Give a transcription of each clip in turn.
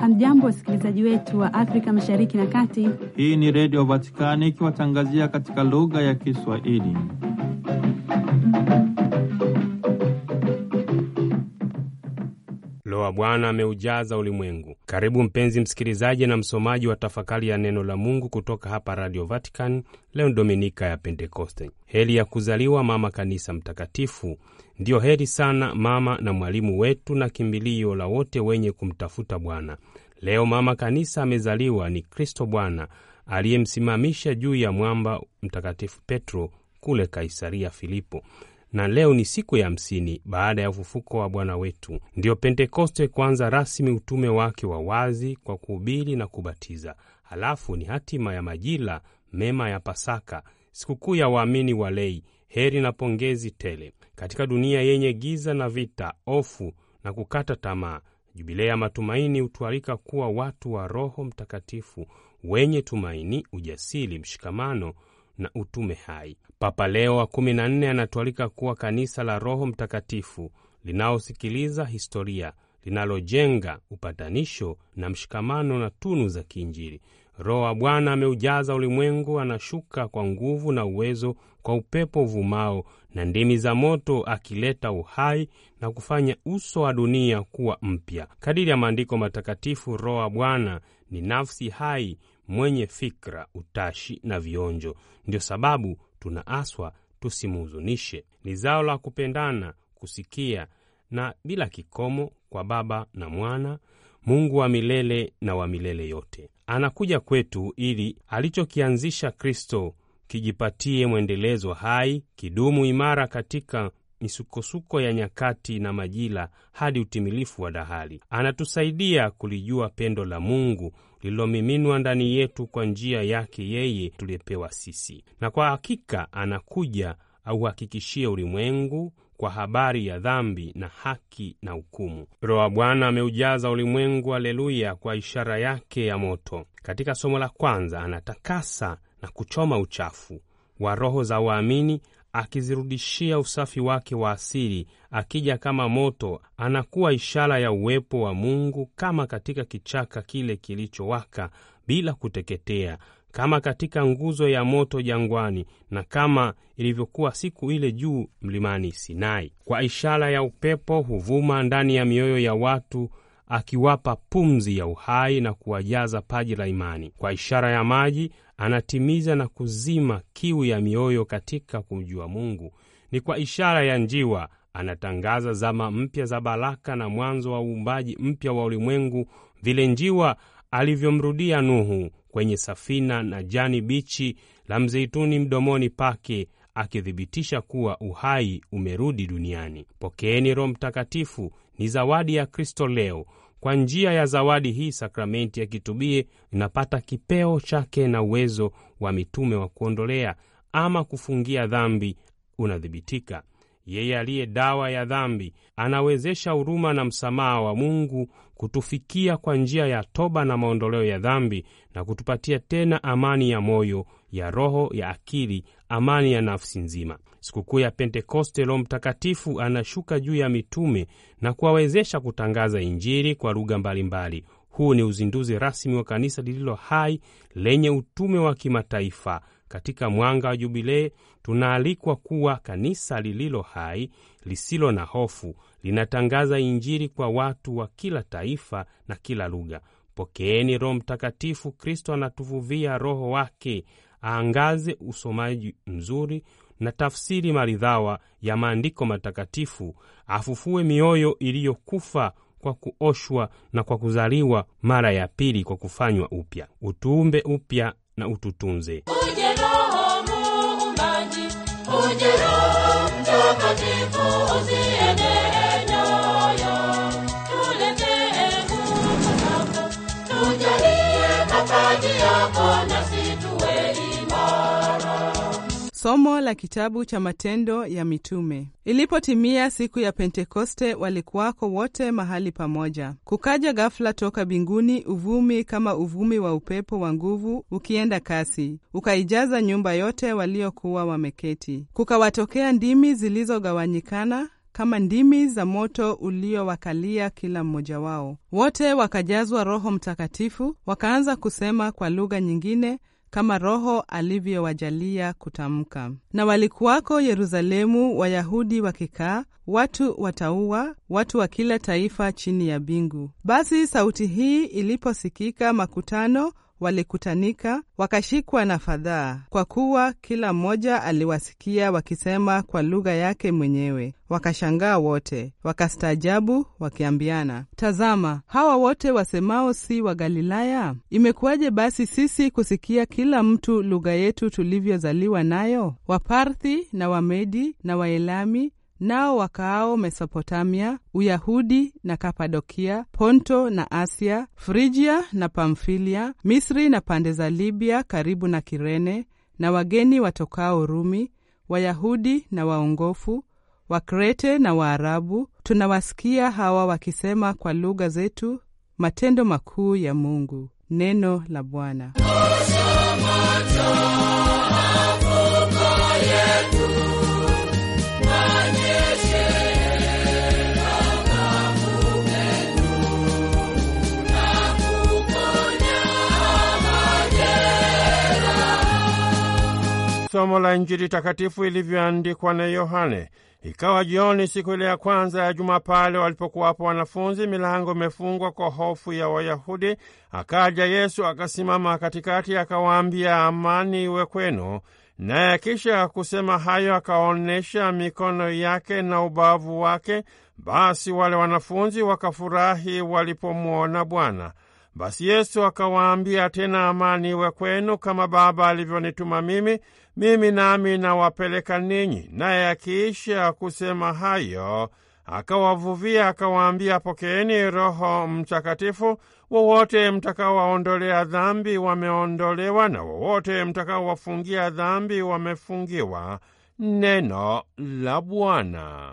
Hamjambo, wasikilizaji wetu wa Afrika mashariki na kati. Hii ni Redio Vatikani ikiwatangazia katika lugha ya Kiswahili. Loa Bwana ameujaza ulimwengu karibu mpenzi msikilizaji na msomaji wa tafakari ya neno la Mungu kutoka hapa Radio Vatican. Leo Dominika ya Pentekoste. Heri ya kuzaliwa Mama Kanisa Mtakatifu. Ndiyo heri sana mama na mwalimu wetu na kimbilio la wote wenye kumtafuta Bwana. Leo Mama Kanisa amezaliwa, ni Kristo Bwana aliyemsimamisha juu ya mwamba Mtakatifu Petro kule Kaisaria Filipo na leo ni siku ya hamsini baada ya ufufuko wa Bwana wetu, ndiyo Pentekoste, kwanza rasmi utume wake wa wazi kwa kuhubiri na kubatiza, halafu ni hatima ya majira mema ya Pasaka, sikukuu ya waamini wa lei. Heri na pongezi tele katika dunia yenye giza na vita, ofu na kukata tamaa. Jubilei ya matumaini hutualika kuwa watu wa Roho Mtakatifu wenye tumaini, ujasiri, mshikamano na utume hai. Papa Leo wa 14 anatualika kuwa kanisa la Roho Mtakatifu linaosikiliza historia, linalojenga upatanisho na mshikamano na tunu za kiinjili. Roho wa Bwana ameujaza ulimwengu, anashuka kwa nguvu na uwezo, kwa upepo uvumao na ndimi za moto, akileta uhai na kufanya uso wa dunia kuwa mpya. Kadiri ya maandiko matakatifu, Roho wa Bwana ni nafsi hai mwenye fikra, utashi na vionjo. Ndio sababu tunaaswa tusimhuzunishe. Ni zao la kupendana, kusikia na bila kikomo kwa Baba na Mwana, Mungu wa milele na wa milele yote. Anakuja kwetu ili alichokianzisha Kristo kijipatie mwendelezo hai, kidumu imara katika misukosuko ya nyakati na majira hadi utimilifu wa dahali. Anatusaidia kulijua pendo la Mungu lililomiminwa ndani yetu kwa njia yake yeye tuliyepewa sisi. Na kwa hakika anakuja auhakikishie ulimwengu kwa habari ya dhambi na haki na hukumu. Roho wa Bwana ameujaza ulimwengu, aleluya, kwa ishara yake ya moto. Katika somo la kwanza, anatakasa na kuchoma uchafu wa roho za waamini akizirudishia usafi wake wa asili, akija kama moto, anakuwa ishara ya uwepo wa Mungu, kama katika kichaka kile kilichowaka bila kuteketea, kama katika nguzo ya moto jangwani, na kama ilivyokuwa siku ile juu mlimani Sinai. Kwa ishara ya upepo huvuma ndani ya mioyo ya watu akiwapa pumzi ya uhai na kuwajaza paji la imani. Kwa ishara ya maji anatimiza na kuzima kiu ya mioyo katika kumjua Mungu. Ni kwa ishara ya njiwa anatangaza zama mpya za baraka na mwanzo wa uumbaji mpya wa ulimwengu, vile njiwa alivyomrudia Nuhu kwenye safina na jani bichi la mzeituni mdomoni pake, akithibitisha kuwa uhai umerudi duniani. Pokeeni Roho Mtakatifu, ni zawadi ya Kristo leo. Kwa njia ya zawadi hii, sakramenti ya kitubie inapata kipeo chake na uwezo wa mitume wa kuondolea ama kufungia dhambi unadhibitika. Yeye aliye dawa ya dhambi anawezesha huruma na msamaha wa Mungu kutufikia kwa njia ya toba na maondoleo ya dhambi na kutupatia tena amani ya moyo, ya roho, ya akili, amani ya nafsi nzima. Sikukuu ya Pentekoste, Roho Mtakatifu anashuka juu ya mitume na kuwawezesha kutangaza Injili kwa lugha mbalimbali. Huu ni uzinduzi rasmi wa kanisa lililo hai lenye utume wa kimataifa. Katika mwanga wa Jubilei tunaalikwa kuwa kanisa lililo hai, lisilo na hofu, linatangaza Injili kwa watu wa kila taifa na kila lugha. Pokeeni Roho Mtakatifu. Kristo anatuvuvia Roho wake aangaze usomaji mzuri, na tafsiri maridhawa ya maandiko matakatifu, afufue mioyo iliyokufa kwa kuoshwa na kwa kuzaliwa mara ya pili kwa kufanywa upya. Utuumbe upya na ututunze. Uje Roho Muumbaji, uje Roho Mtakatifu nyoyo, tuletee nguvu zako, tujalie mapaji yako Somo la kitabu cha Matendo ya Mitume. Ilipotimia siku ya Pentekoste, walikuwako wote mahali pamoja. Kukaja ghafula toka binguni uvumi kama uvumi wa upepo wa nguvu ukienda kasi, ukaijaza nyumba yote waliokuwa wameketi. Kukawatokea ndimi zilizogawanyikana kama ndimi za moto uliowakalia kila mmoja wao. Wote wakajazwa Roho Mtakatifu, wakaanza kusema kwa lugha nyingine kama Roho alivyowajalia kutamka. Na walikuwako Yerusalemu Wayahudi wakikaa, watu watauwa, watu wa kila taifa chini ya mbingu. Basi sauti hii iliposikika makutano walikutanika wakashikwa na fadhaa, kwa kuwa kila mmoja aliwasikia wakisema kwa lugha yake mwenyewe. Wakashangaa wote, wakastaajabu, wakiambiana, tazama, hawa wote wasemao si wa Galilaya? Imekuwaje basi sisi kusikia kila mtu lugha yetu tulivyozaliwa nayo? Waparthi na Wamedi na Waelami nao wakaao Mesopotamia, Uyahudi na Kapadokia, Ponto na Asia, Frigia na Pamfilia, Misri na pande za Libya karibu na Kirene, na wageni watokao Rumi, Wayahudi na waongofu, Wakrete na Waarabu, tunawasikia hawa wakisema kwa lugha zetu matendo makuu ya Mungu. Neno la Bwana. somo la Injili takatifu ilivyoandikwa na Yohane. Ikawa jioni siku ile ya kwanza ya juma, pale walipokuwapo wanafunzi, milango imefungwa kwa hofu ya Wayahudi, akaja Yesu akasimama katikati, akawaambia, amani iwe kwenu. Naye kisha kusema hayo, akaonyesha mikono yake na ubavu wake. Basi wale wanafunzi wakafurahi walipomwona Bwana. Basi Yesu akawaambia tena, amani iwe kwenu. Kama Baba alivyonituma mimi, mimi nami nawapeleka ninyi. Naye akiisha kusema hayo akawavuvia akawaambia, pokeeni Roho Mtakatifu. Wowote mtakaowaondolea dhambi wameondolewa, na wowote mtakaowafungia dhambi wamefungiwa. Neno la Bwana.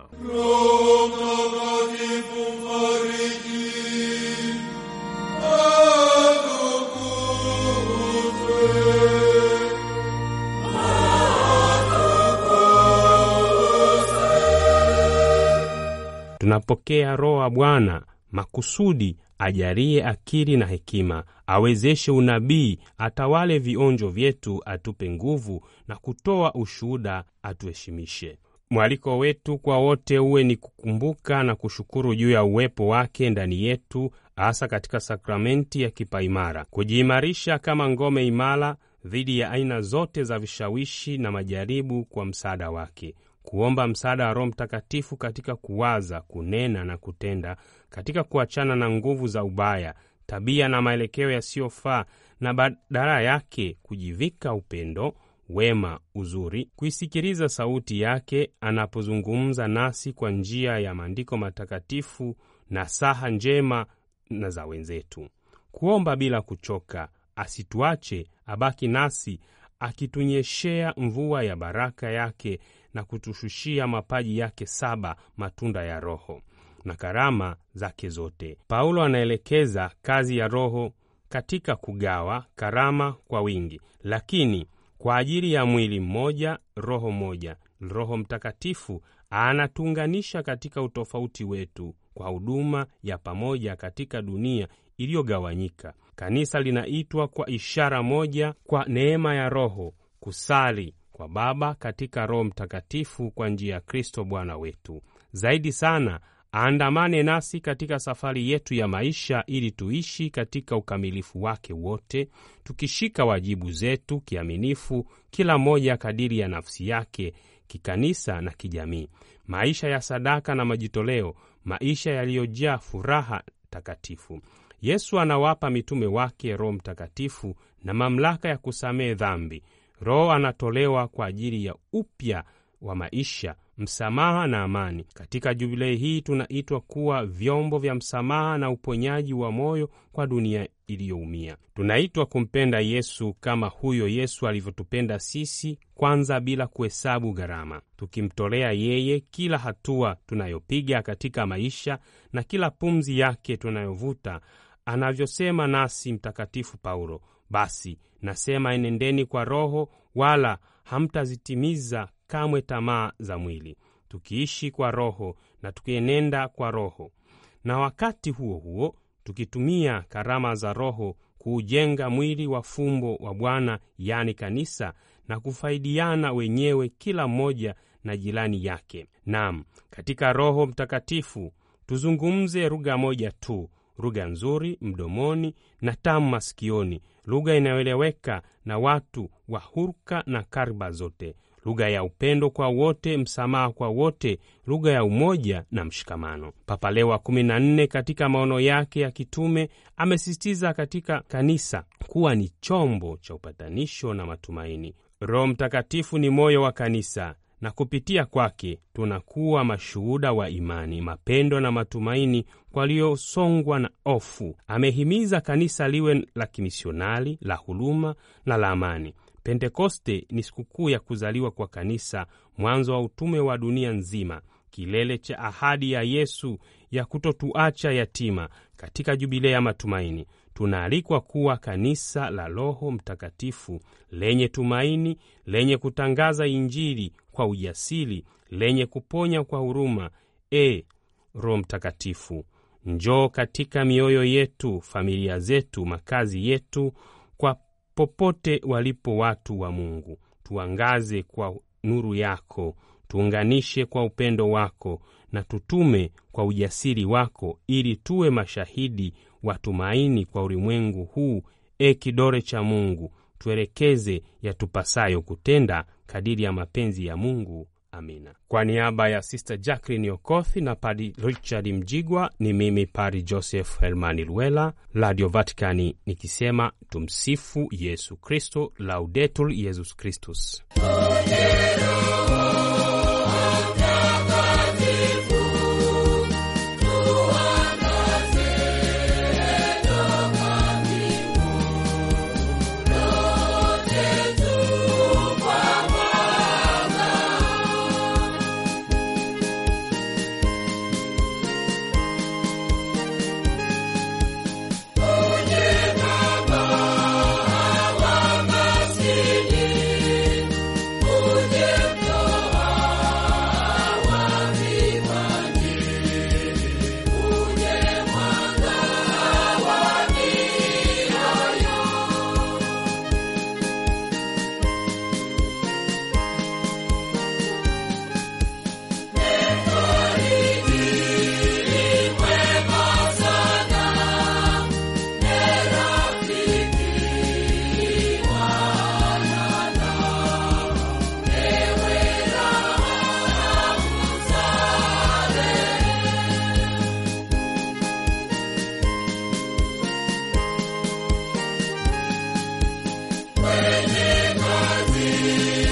tunapokea Roho wa Bwana makusudi ajalie akili na hekima, awezeshe unabii, atawale vionjo vyetu, atupe nguvu na kutoa ushuhuda, atuheshimishe. Mwaliko wetu kwa wote uwe ni kukumbuka na kushukuru juu ya uwepo wake ndani yetu, hasa katika sakramenti ya kipaimara, kujiimarisha kama ngome imara dhidi ya aina zote za vishawishi na majaribu kwa msaada wake kuomba msaada wa Roho Mtakatifu katika kuwaza, kunena na kutenda, katika kuachana na nguvu za ubaya, tabia na maelekeo yasiyofaa, na badala yake kujivika upendo, wema, uzuri, kuisikiliza sauti yake anapozungumza nasi kwa njia ya maandiko matakatifu na saha njema na za wenzetu, kuomba bila kuchoka, asituache, abaki nasi akitunyeshea mvua ya baraka yake na kutushushia mapaji yake saba matunda ya Roho na karama zake zote. Paulo anaelekeza kazi ya Roho katika kugawa karama kwa wingi, lakini kwa ajili ya mwili mmoja, roho moja. Roho Mtakatifu anatuunganisha katika utofauti wetu kwa huduma ya pamoja katika dunia iliyogawanyika. Kanisa linaitwa kwa ishara moja kwa neema ya Roho kusali kwa Baba katika Roho Mtakatifu kwa njia ya Kristo Bwana wetu. Zaidi sana aandamane nasi katika safari yetu ya maisha ili tuishi katika ukamilifu wake wote, tukishika wajibu zetu kiaminifu, kila mmoja kadiri ya nafsi yake, kikanisa na kijamii, maisha ya sadaka na majitoleo, maisha yaliyojaa furaha takatifu. Yesu anawapa mitume wake Roho Mtakatifu na mamlaka ya kusamehe dhambi. Roho anatolewa kwa ajili ya upya wa maisha, msamaha na amani. Katika jubilei hii tunaitwa kuwa vyombo vya msamaha na uponyaji wa moyo kwa dunia iliyoumia. Tunaitwa kumpenda Yesu kama huyo Yesu alivyotupenda sisi kwanza, bila kuhesabu gharama, tukimtolea yeye kila hatua tunayopiga katika maisha na kila pumzi yake tunayovuta anavyosema nasi Mtakatifu Paulo, basi nasema enendeni kwa Roho, wala hamtazitimiza kamwe tamaa za mwili, tukiishi kwa Roho na tukienenda kwa Roho, na wakati huo huo tukitumia karama za Roho kuujenga mwili wa fumbo wa Bwana, yani kanisa, na kufaidiana wenyewe kila mmoja na jirani yake. Naam, katika Roho Mtakatifu tuzungumze lugha moja tu lugha nzuri mdomoni na tamu masikioni, lugha inayoeleweka na watu wa hurka na karba zote, lugha ya upendo kwa wote, msamaha kwa wote, lugha ya umoja na mshikamano. Papa Leo wa 14 katika maono yake ya kitume amesisitiza katika kanisa kuwa ni chombo cha upatanisho na matumaini. Roho Mtakatifu ni moyo wa kanisa na kupitia kwake tunakuwa mashuhuda wa imani, mapendo na matumaini waliosongwa na hofu. Amehimiza kanisa liwe la kimisionari, la huruma na la amani. Pentekoste ni sikukuu ya kuzaliwa kwa kanisa, mwanzo wa utume wa dunia nzima, kilele cha ahadi ya Yesu ya kutotuacha yatima. Katika jubilei ya matumaini tunaalikwa kuwa kanisa la Roho Mtakatifu lenye tumaini, lenye kutangaza Injili kwa ujasiri, lenye kuponya kwa huruma. E Roho Mtakatifu, njoo katika mioyo yetu, familia zetu, makazi yetu, kwa popote walipo watu wa Mungu. Tuangaze kwa nuru yako, tuunganishe kwa upendo wako na tutume kwa ujasiri wako, ili tuwe mashahidi wa tumaini kwa ulimwengu huu. E kidore cha Mungu, tuelekeze yatupasayo kutenda kadiri ya mapenzi ya Mungu. Amina. Kwa niaba ya Sister Jacqueline Okothi na Padi Richard Mjigwa, ni mimi pari Joseph Helmani Luela, Radio Vaticani, nikisema tumsifu Yesu Kristo, Laudetur Yesus Kristus. Thank you.